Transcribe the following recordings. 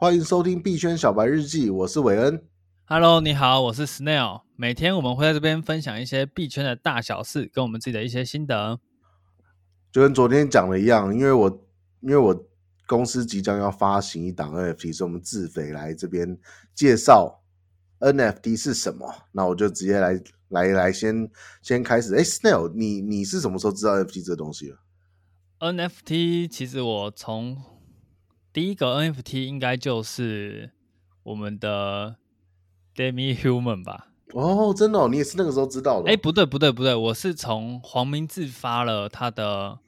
歡迎收聽幣圈小白日記，我是韋恩。Hello，你好，我是 Snail。每天我們會在這邊分享一些幣圈的大小事，跟我們自己的一些心得。就跟昨天講的一樣，因為我因為我公司即將要發行一檔 NFT，所以我們自費來這邊介紹 NFT 是什麼。那我就直接來來來，來，先先開始。哎，Snail，你你是什麼時候知道 NFT 這東西的？NFT 其實我從第一個 NFT 應該就是我們的 Demi Human 吧？哦，真的，哦，你也是那個時候知道的哦？哎，欸，不對，不對，不對，我是從黃明志發了他的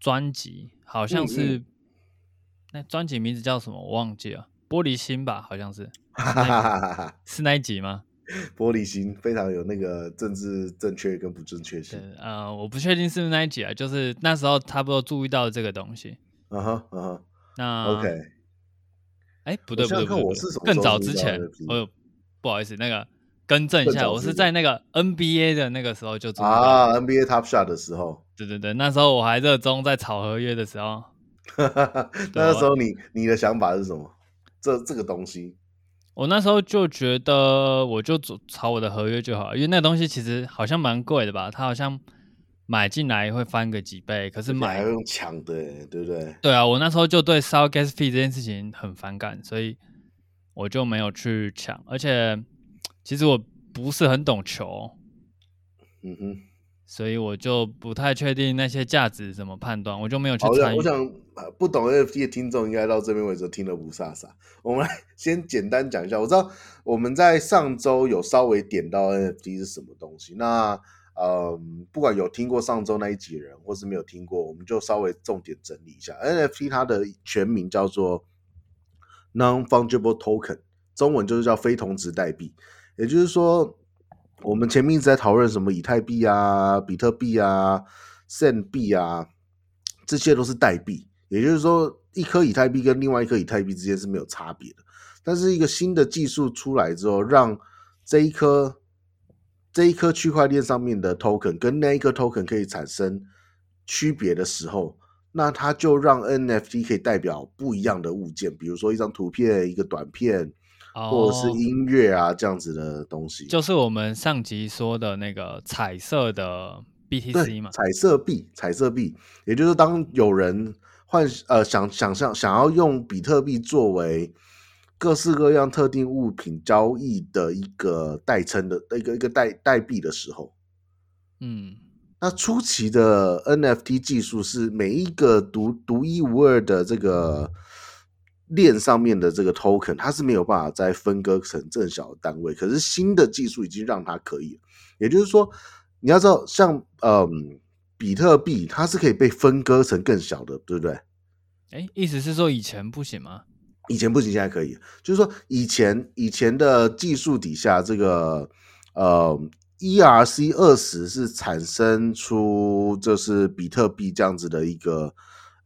專輯，好像是，嗯嗯、那專輯名字叫什麼？我忘記了，玻璃心吧？好像是， 那個、是那一集嗎？ 玻璃心非常有那個政治正確跟不正確性。呃，我不確定是不是那一集啊，就是那時候差不多注意到了這個東西。嗯哼，嗯哼。那 OK，哎，不對不對不對，不對不，更早之前，哦，不好意思，那個更正一下，我是在那個 NBA 的那個時候就啊，NBA Top Shot 的時候，對對對，那時候我還熱衷在炒合約的時候，哈哈哈，那個時候你你的想法是什麼？這這個東西，我那時候就覺得我就炒我的合約就好了，因為那個東西其實好像蠻貴的吧，它好像。買進來會翻個幾倍，可是買要用搶的，對不對？對啊，我那時候就對燒 gas fee 這件事情很反感，所以我就沒有去搶。而且，其實我不是很懂球，嗯哼，所以我就不太確定那些價值怎麼判斷，我就沒有去參與、哦、我想不懂 NFT 的聽眾應該到這邊為止聽得霧煞煞。我們先簡單講一下，我知道我們在上周有稍微點到 NFT 是什麼東西，那。嗯，不管有聽過上周那一集的人，或是沒有聽過，我們就稍微重點整理一下 NFT，它的全名叫做 Non-Fungible Token，中文就是叫非同質代幣。也就是說，我們前面一直在討論什麼以太幣啊、比特幣啊、聖幣啊，這些都是代幣。也就是說，一顆以太幣跟另外一顆以太幣之間是沒有差別的。但是一個新的技術出來之後，讓這一顆。這一顆區塊鏈上面的 token 跟那一顆 token 可以產生區別的時候，那它就讓 NFT 可以代表不一樣的物件，比如說一張圖片、一個短片，哦、或者是音樂啊這樣子的東西。就是我們上集說的那個彩色的 BTC 嘛，對，彩色幣，彩色幣。也就是當有人幻呃想想象想要用比特幣作為。各式各樣特定物品交易的一個代稱的一個一個代代幣的時候，嗯，那初期的 NFT 技術是每一個獨獨一無二的這個鏈上面的這個 token，它是沒有辦法再分割成正小的單位。可是新的技術已經讓它可以了，也就是說，你要知道，像嗯、呃，比特幣它是可以被分割成更小的，對不對？哎，意思是說以前不行嗎？以前不行，現在可以。就是說，以前以前的技術底下，這個呃，ERC20 是產生出就是比特幣這樣子的一個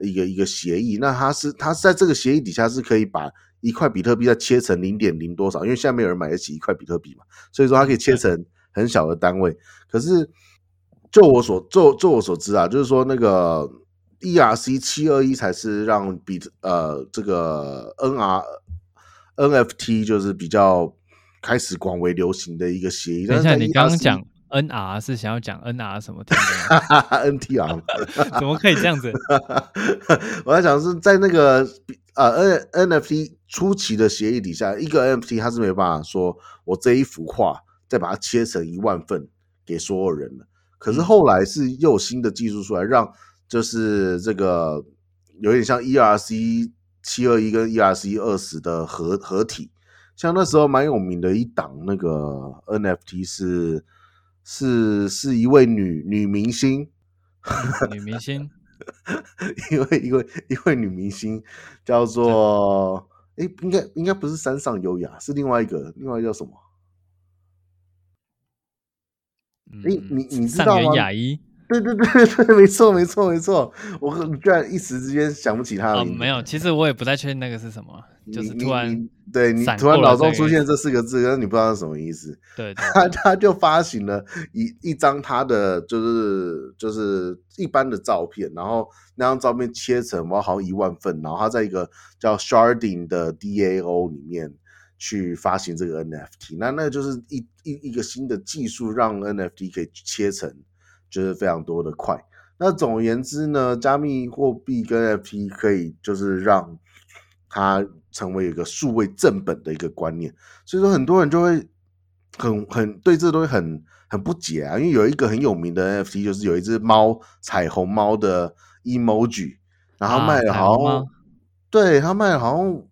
一個一個協議。那它是它在這個協議底下是可以把一塊比特幣再切成零點零多少，因為現在沒有人買得起一塊比特幣嘛，所以說它可以切成很小的單位。可是就我所就就我所知啊，就是說那個。ERC 七二一才是讓比呃這個 N R NFT 就是比較開始廣為流行的一個協議。等一下，ERC, 你剛剛講 N R 是想要講 N R 什麼的 ？N T R 怎麼可以這樣子？ 我在講是在那個、呃、N NFT 初期的協議底下，一個 NFT 它是沒辦法說我這一幅畫再把它切成一萬份給所有人了。可是後來是又新的技術出來讓。就是這個有點像 ERC 七二一跟 ERC 二十的合合體，像那時候蠻有名的一檔那個 NFT 是是是一位女女明星，女明星， 一位一位一位女明星叫做哎、欸，應該應該不是三上悠亞，是另外一個，另外一個叫什麼？哎、嗯欸，你你知道嗎？上原雅一。對對對對，沒錯沒錯沒錯，我居然一時之間想不起他了、哦。沒有，其實我也不太確定那個是什麼，你就是突然你對你突然腦中出現這四個字，這個，但是你不知道是什麼意思。對，對，對，他 他就發行了一一張他的就是就是一般的照片，然後那張照片切成我好像一萬份，然後他在一個叫 Sharding 的 DAO 裡面去發行這個 NFT，那那個就是一一一個新的技術讓 NFT 可以切成。就是非常多的快。那總而言之呢，加密貨幣跟 NFT 可以就是讓它成為一個數位正本的一個觀念。所以說，很多人就會很很對這東西很很不解啊。因為有一個很有名的 NFT，就是有一隻貓彩虹貓的 emoji，然後賣的好、啊、對，他賣好像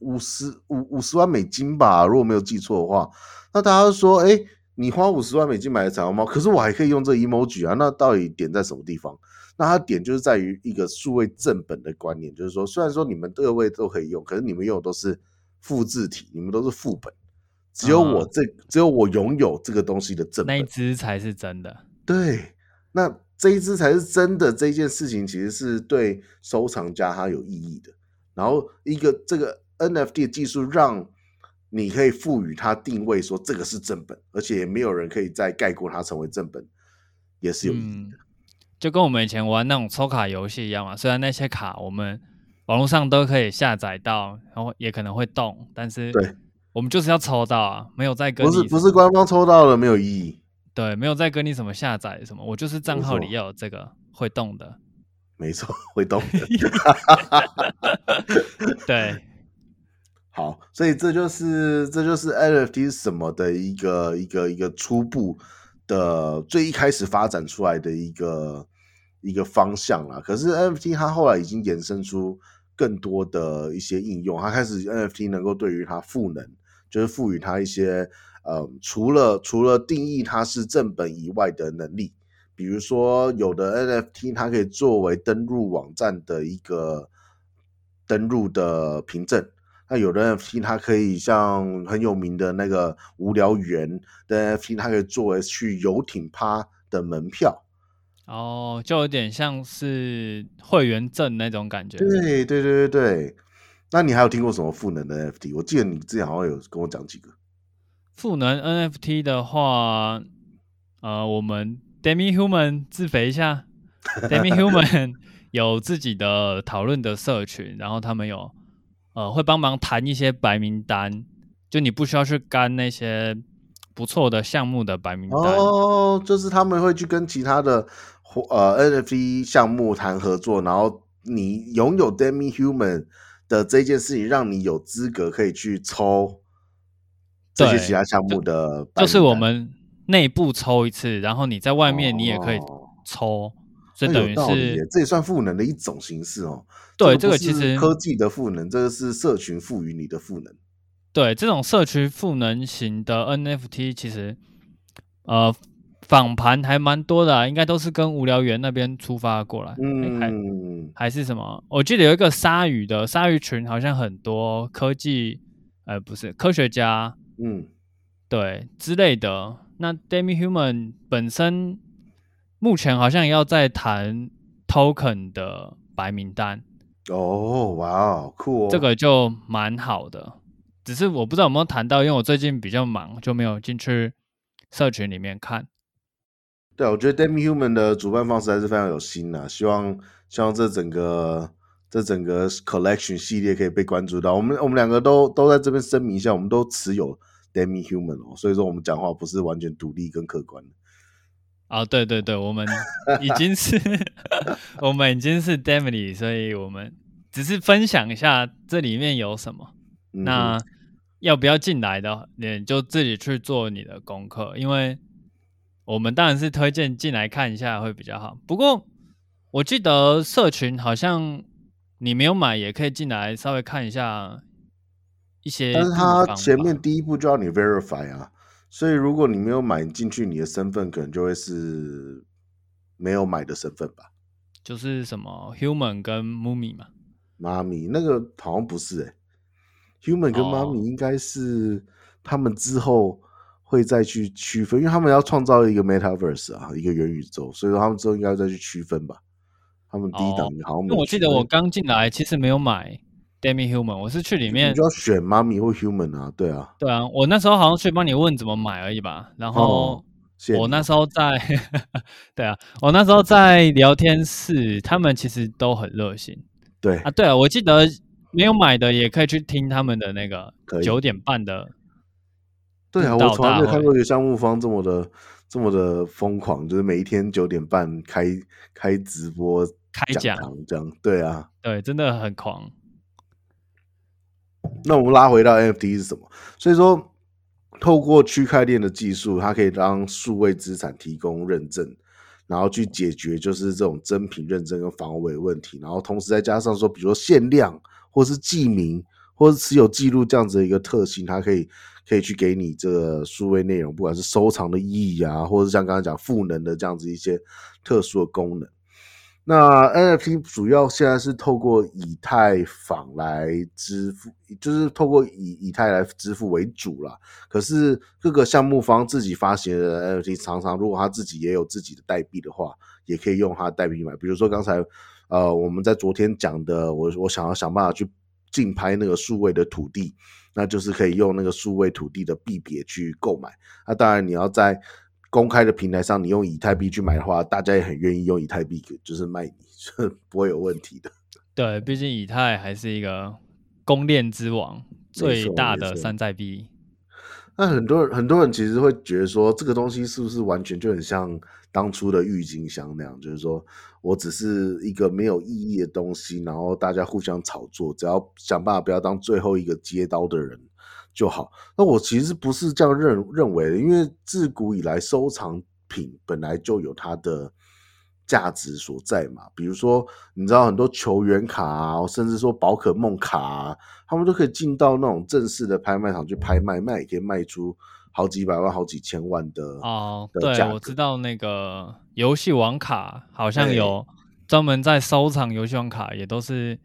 五十五五十萬美金吧，如果沒有記錯的話。那大家就說，哎、欸。你花五十萬美金買的彩虹貓，可是我還可以用這 emoji 啊？那到底點在什麼地方？那它點就是在於一個數位正本的觀念，就是說，雖然說你們各位都可以用，可是你們用的都是複製體，你們都是副本，只有我這，嗯、只有我擁有這個東西的正本，那一隻才是真的。對，那這一隻才是真的。這一件事情其實是對收藏家它有意義的。然後，一個這個 NFT 技術讓。你可以賦予它定位，說這個是正本，而且也沒有人可以再概括它成為正本，也是有意義的。嗯，就跟我們以前玩那種抽卡遊戲一樣嘛，雖然那些卡我們網絡上都可以下載到，然後也可能會動，但是對，我們就是要抽到啊，沒有在跟，不是不是官方抽到了，沒有意義，對，沒有在跟你什麼下載什麼，我就是賬號裡要有這個會動的，沒錯，會動的， 對。好，所以這就是這就是 NFT 是什麼的一個一個一個初步的最一開始發展出來的一個一個方向啦。可是 NFT 它後來已經衍生出更多的一些應用，它開始 NFT 能夠對於它賦能，就是賦予它一些呃，除了除了定義它是正本以外的能力。比如說，有的 NFT 它可以作為登入網站的一個登入的憑證。那有的 NFT 它可以像很有名的那個無聊猿的 NFT，它可以作為去遊艇趴的門票。哦、oh，就有點像是會員證那種感覺。對對對對對。那你還有聽過什麼賦能的 NFT？我記得你之前好像有跟我講幾個。賦能 NFT 的話，呃，我們 Demihuman 自肥一下，Demihuman 有自己的討論的社群，然後他們有。呃，會幫忙談一些白名單，就你不需要去幹那些不錯的項目的白名單。哦，就是他們會去跟其他的呃 NFT 項目談合作，然後你擁有 DemiHuman 的這件事情，讓你有資格可以去抽這些其他項目的白名單。就，就是我們內部抽一次，然後你在外面你也可以抽。哦這等於是，這也算賦能的一種形式哦。對，這個其實科技的賦能，這個是社群賦予你的賦能。這對，這個、對，這種社群賦能型的 NFT，其實呃，仿盤還蠻多的，啊，應該都是跟無聊猿那邊出發過來。嗯，還還是什麼？我記得有一個鯊魚的鯊魚群，好像很多科技，呃，不是科學家，嗯，對之類的。那 Demihuman 本身。目前好像要在談 token 的白名單哦，哇哦，酷哦！這個就蠻好的，只是我不知道有沒有談到，因為我最近比較忙，就沒有進去社群裡面看。對，我覺得 Demi Human 的主辦方實在是非常有心的啊，希望希望這整個這整個 collection 系列可以被關注到。我們我們兩個都都在這邊聲明一下，我們都持有 Demi Human，哦，所以說我們講話不是完全獨立跟客觀的。啊、oh,，對對對，我們已經是， 我們已經是 Demily 所以我們只是分享一下這裡面有什麼。嗯、那要不要進來的，你就自己去做你的功課，因為我們當然是推薦進來看一下會比較好。不過我記得社群好像你沒有買也可以進來稍微看一下一些，但他前面第一步就要你 verify 啊。所以，如果你沒有買進去，你的身份可能就會是沒有買的身份吧。就是什麼 human 跟 mummy 嘛？mummy 那個好像不是哎、欸，human 跟 mummy 應該是他們之後會再去區分、哦，因為他們要創造一個 metaverse 啊，一個元宇宙，所以說他們之後應該要再去區分吧。他們低檔、哦、好像……那我記得我剛進來其實沒有買。Demi Human，我是去裡面。你就要選媽咪或 Human 啊？對啊。對啊，我那時候好像去幫你問怎麼買而已吧。然後我那時候在，對啊，我那時候在聊天室，他們其實都很熱心啊。對啊，對啊，我記得沒有買的也可以去聽他們的那個九點半的。對啊，我從來沒有看過有項目方這麼的這麼的瘋狂，就是每一天九點半開開直播開講這樣。對啊，對，真的很狂。那我們拉回到 NFT 是什麼？所以說，透過區塊鏈的技術，它可以讓數位資產提供認證，然後去解決就是這種真品認證跟防偽問題。然後同時再加上說，比如說限量，或是記名，或是持有記錄這樣子的一個特性，它可以可以去給你這個數位內容，不管是收藏的意義啊，或者是像剛剛講賦能的這樣子一些特殊的功能。那 NFT 主要現在是透過以太坊來支付，就是透過以以太來支付為主啦。可是各個項目方自己發行的 NFT，常常如果他自己也有自己的代幣的話，也可以用他的代幣買。比如說剛才呃我們在昨天講的，我我想要想辦法去競拍那個數位的土地，那就是可以用那個數位土地的幣別去購買啊。那當然你要在公開的平台上，你用以太幣去買的話，大家也很願意用以太幣，就是賣你，不會有問題的。對，畢竟以太還是一個公鏈之王，最大的山寨幣。那很多人，很多人其實會覺得說，這個東西是不是完全就很像當初的鬱金香那樣？就是說我只是一個沒有意義的東西，然後大家互相炒作，只要想辦法不要當最後一個接刀的人。就好。那我其實不是這樣認認為的，因為自古以來收藏品本來就有它的價值所在嘛。比如說，你知道很多球員卡啊，甚至說寶可夢卡啊，他們都可以進到那種正式的拍賣場去拍賣，賣可以賣出好幾百萬、好幾千萬的。哦、呃，對，我知道那個遊戲王卡好像有專門在收藏遊戲王卡，也都是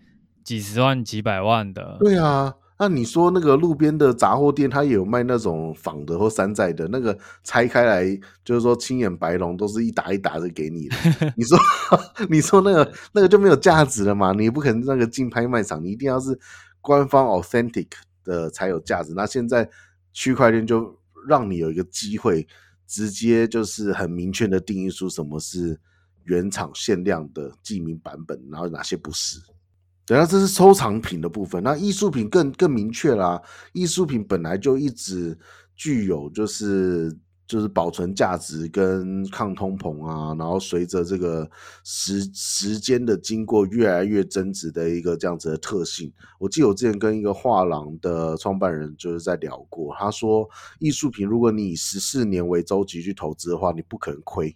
幾十萬、幾百萬的。欸、對啊。那、啊、你說那個路邊的雜貨店，它也有賣那種仿的或山寨的，那個拆開來就是說青眼白龍都是一打一打的給你的，你說 你說那個那個就沒有價值了嘛？你不可能那個進拍賣場，你一定要是官方 authentic 的才有價值。那現在區塊鏈就讓你有一個機會，直接就是很明確的定義出什麼是原廠限量的記名版本，然後哪些不是。等下、啊，這是收藏品的部分。那藝術品更更明確啦，藝術品本來就一直具有就是就是保存價值跟抗通膨啊，然後隨着這個時時間的經過，越來越增值的一個這樣子的特性。我記得我之前跟一個畫廊的創辦人就是在聊過，他說，藝術品如果你以十四年為周期去投資的話，你不可能虧，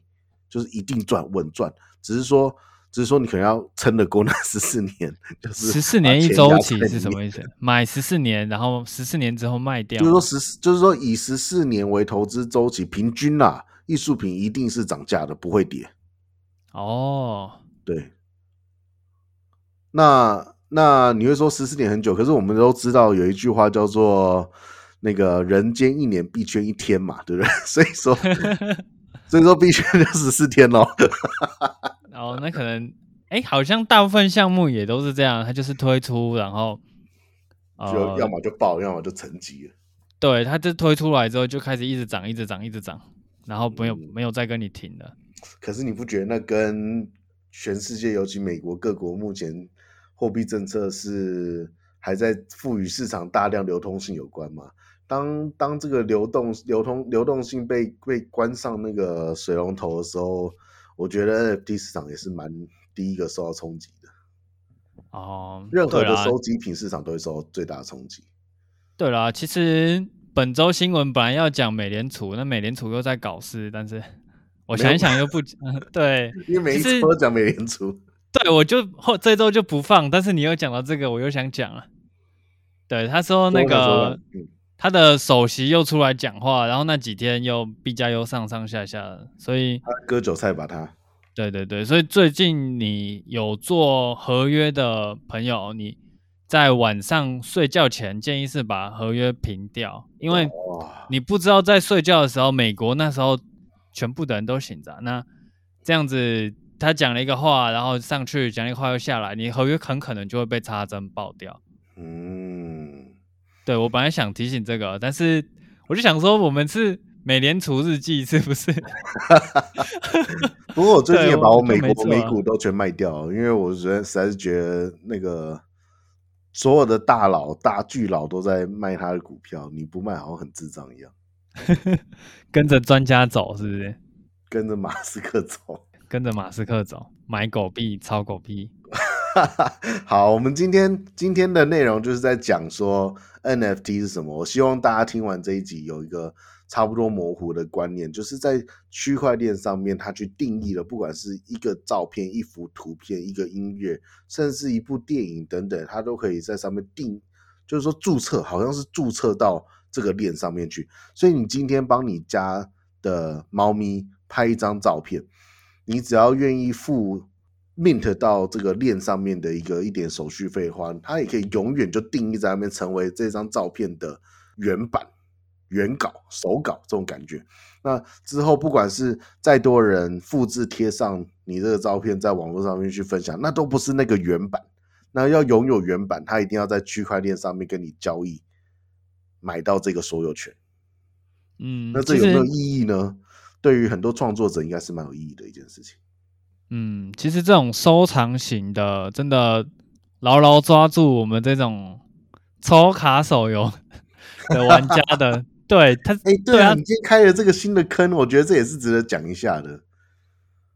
就是一定賺，穩賺，只是說。只是說你可能要撐得過那十四年。就是十四年一週期是什麼意思？買十四年，然後十四年之後賣掉。就是說十，就是說以十四年為投資周期，平均啦、啊，藝術品一定是漲價的，不會跌。哦、oh.，對。那那你會說十四年很久？可是我們都知道有一句話叫做“那個人間一年，幣圈一天”嘛，對不對？所以說， 所以說幣圈就十四天咯。哦、oh,，那可能，哎、欸，好像大部分項目也都是這樣，它就是推出，然後就要麼就爆，呃、要麼就成寂了。對，它就推出來之後就開始一直漲，一直漲，一直漲，然後沒有、嗯、沒有再跟你停了。可是你不覺得那跟全世界，尤其美國各國目前貨幣政策是還在賦予市場大量流通性有關嗎？當當這個流動、流通、流動性被被關上那個水龍頭的時候。我覺得 NFT 市場也是蠻第一個受到衝擊的哦。任何的收集品市場都會受到最大的衝擊，哦。對了，其實本周新聞本來要講美聯儲，那美聯儲又在搞事，但是我想一想又不講 對。因為每一次都講美聯儲。對，我就後這周就不放，但是你又講到這個，我又想講了。對，他說那個。說我說我嗯他的首席又出來講話，然後那幾天又幣價又上上下下，所以他割韭菜把他。對對對，所以最近你有做合約的朋友，你在晚上睡覺前建議是把合約平掉，因為你不知道在睡覺的時候，美國那時候全部的人都醒着、啊，那這樣子他講了一個話，然後上去講了一個話又下來，你合約很可能就會被插針爆掉。嗯。對，我本來想提醒這個，但是我就想說，我們是美聯儲日記是不是？不 過 我最近也把我美國 美股都全賣掉了，因為我覺得實在是覺得那個所有的大佬、大巨佬都在賣他的股票，你不賣好像很智障一樣。 跟着專家走是不是？跟着馬斯克走，跟着馬斯克走，買狗幣，炒狗幣。哈哈，好，我們今天今天的內容就是在講說 NFT 是什麼。我希望大家聽完這一集有一個差不多模糊的觀念，就是在區塊鏈上面，它去定義了，不管是一個照片、一幅圖片、一個音樂，甚至一部電影等等，它都可以在上面定，就是說注冊，好像是注冊到這個鏈上面去。所以你今天幫你家的貓咪拍一張照片，你只要願意付，Mint 到這個鏈上面的一個一點手續費的話，它也可以永遠就定義在那邊，成為這張照片的原版、原稿、手稿這種感覺。那之後，不管是再多人複製貼上你這個照片，在網絡上面去分享，那都不是那個原版。那要擁有原版，他一定要在區塊鏈上面跟你交易，買到這個所有權。嗯，那這有沒有意義呢？對於很多創作者，應該是蠻有意義的一件事情。嗯，其實這種收藏型的，真的牢牢抓住我們這種抽卡手遊的玩家的。 對他，哎、欸，對啊，你今天開了這個新的坑，我覺得這也是值得講一下的。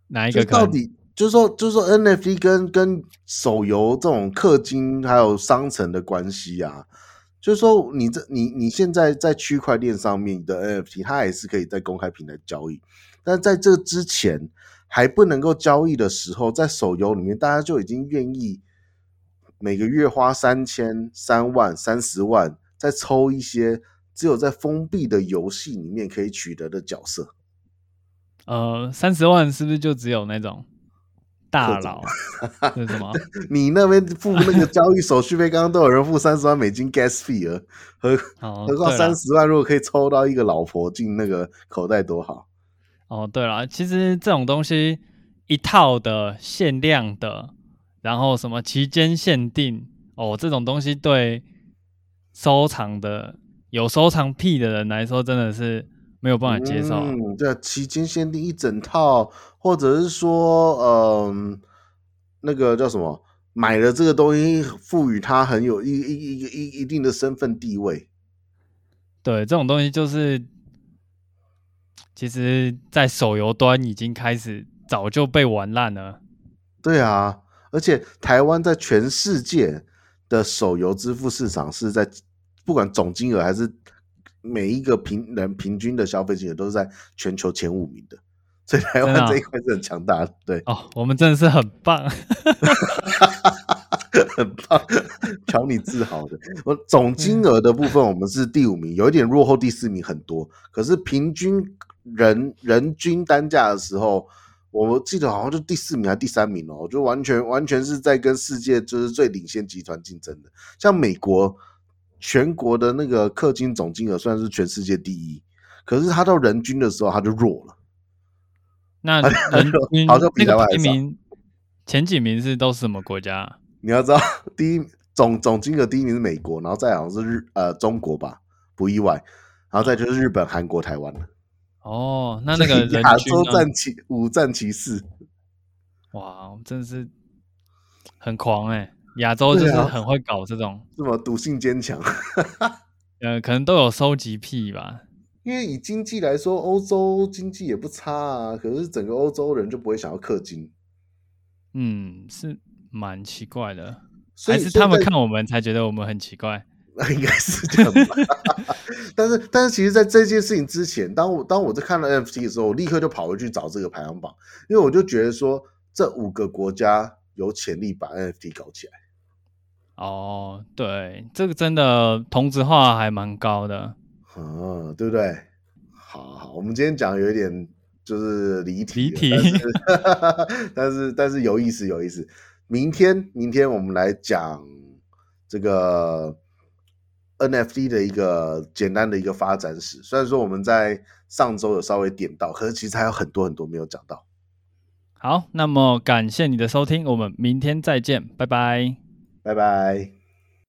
哪一個坑？就是、到底就是說，就是說 NFT 跟跟手遊這種氪金還有商城的關係啊？就是說你，你這你你現在在區塊鏈上面的 NFT，它也是可以在公開平台交易，但在這之前，還不能夠交易的時候，在手遊裡面，大家就已經願意每個月花三千、三萬、三十萬，再抽一些只有在封閉的遊戲裡面可以取得的角色。呃，三十萬是不是就只有那種大佬？什麼？ 你那邊付那個交易手續費，剛剛都有人付三十萬美金 gas fee、哦、了，何何況三十萬？如果可以抽到一個老婆進那個口袋，多好！哦，對了，其實這種東西一套的限量的，然後什麼期間限定哦，這種東西對收藏的有收藏癖的人來說，真的是沒有辦法接受。這、嗯啊、期間限定一整套，或者是說，嗯、呃，那個叫什麼，買了這個東西，賦予它很有一一一一一,一,一定的身份地位。對，這種東西就是。其實在手遊端已經開始，早就被玩爛了。對啊，而且台灣在全世界的手遊支付市場是在不管總金額還是每一個平人平均的消費金額都是在全球前五名的，所以台灣這一塊是很強大的。真的啊？對哦，我們真的是很棒， 很棒，瞧你自豪的。我總金額的部分，我們是第五名， 有一點落後第四名很多，可是平均。人人均單價的時候，我記得好像就第四名還是第三名哦，我就完全完全是在跟世界就是最領先集團競爭的。像美國，全國的那個氪金總金額算是是全世界第一，可是他到人均的時候他就弱了。那人均 好像比台灣少，那個、前幾名是都是什麼國家？啊？你要知道，第一總總金額第一名是美國，然後再好像是日呃中國吧，不意外，然後再就是日本、嗯、韓國、台灣了。哦、oh，，那那個亞、啊、洲戰旗，五戰騎士，哇，真是很狂誒、欸，亞洲就是很會搞這種，什麼賭性堅強，呃， 可能都有收集癖吧。因為以經濟來說，歐洲經濟也不差啊，可是整個歐洲人就不會想要氪金。嗯，是蠻奇怪的，所以所以，還是他們看我們才覺得我們很奇怪？那應該是這樣子吧。 但是，但是但是，其實，在這件事情之前，當我當我在看了 NFT 的時候，我立刻就跑回去找這個排行榜，因為我就覺得說，這五個國家有潛力把 NFT 搞起來。哦，對，這個真的同質化還蠻高的，嗯，對不對？好好，我們今天講有一點就是離題，離題，但是， 但是，但是有意思，有意思。明天明天我們來講這個。NFT 的一個簡單的一個發展史，雖然說我們在上周有稍微點到，可是其實還有很多很多沒有講到。好，那麼感謝你的收聽，我們明天再見，拜拜，拜拜。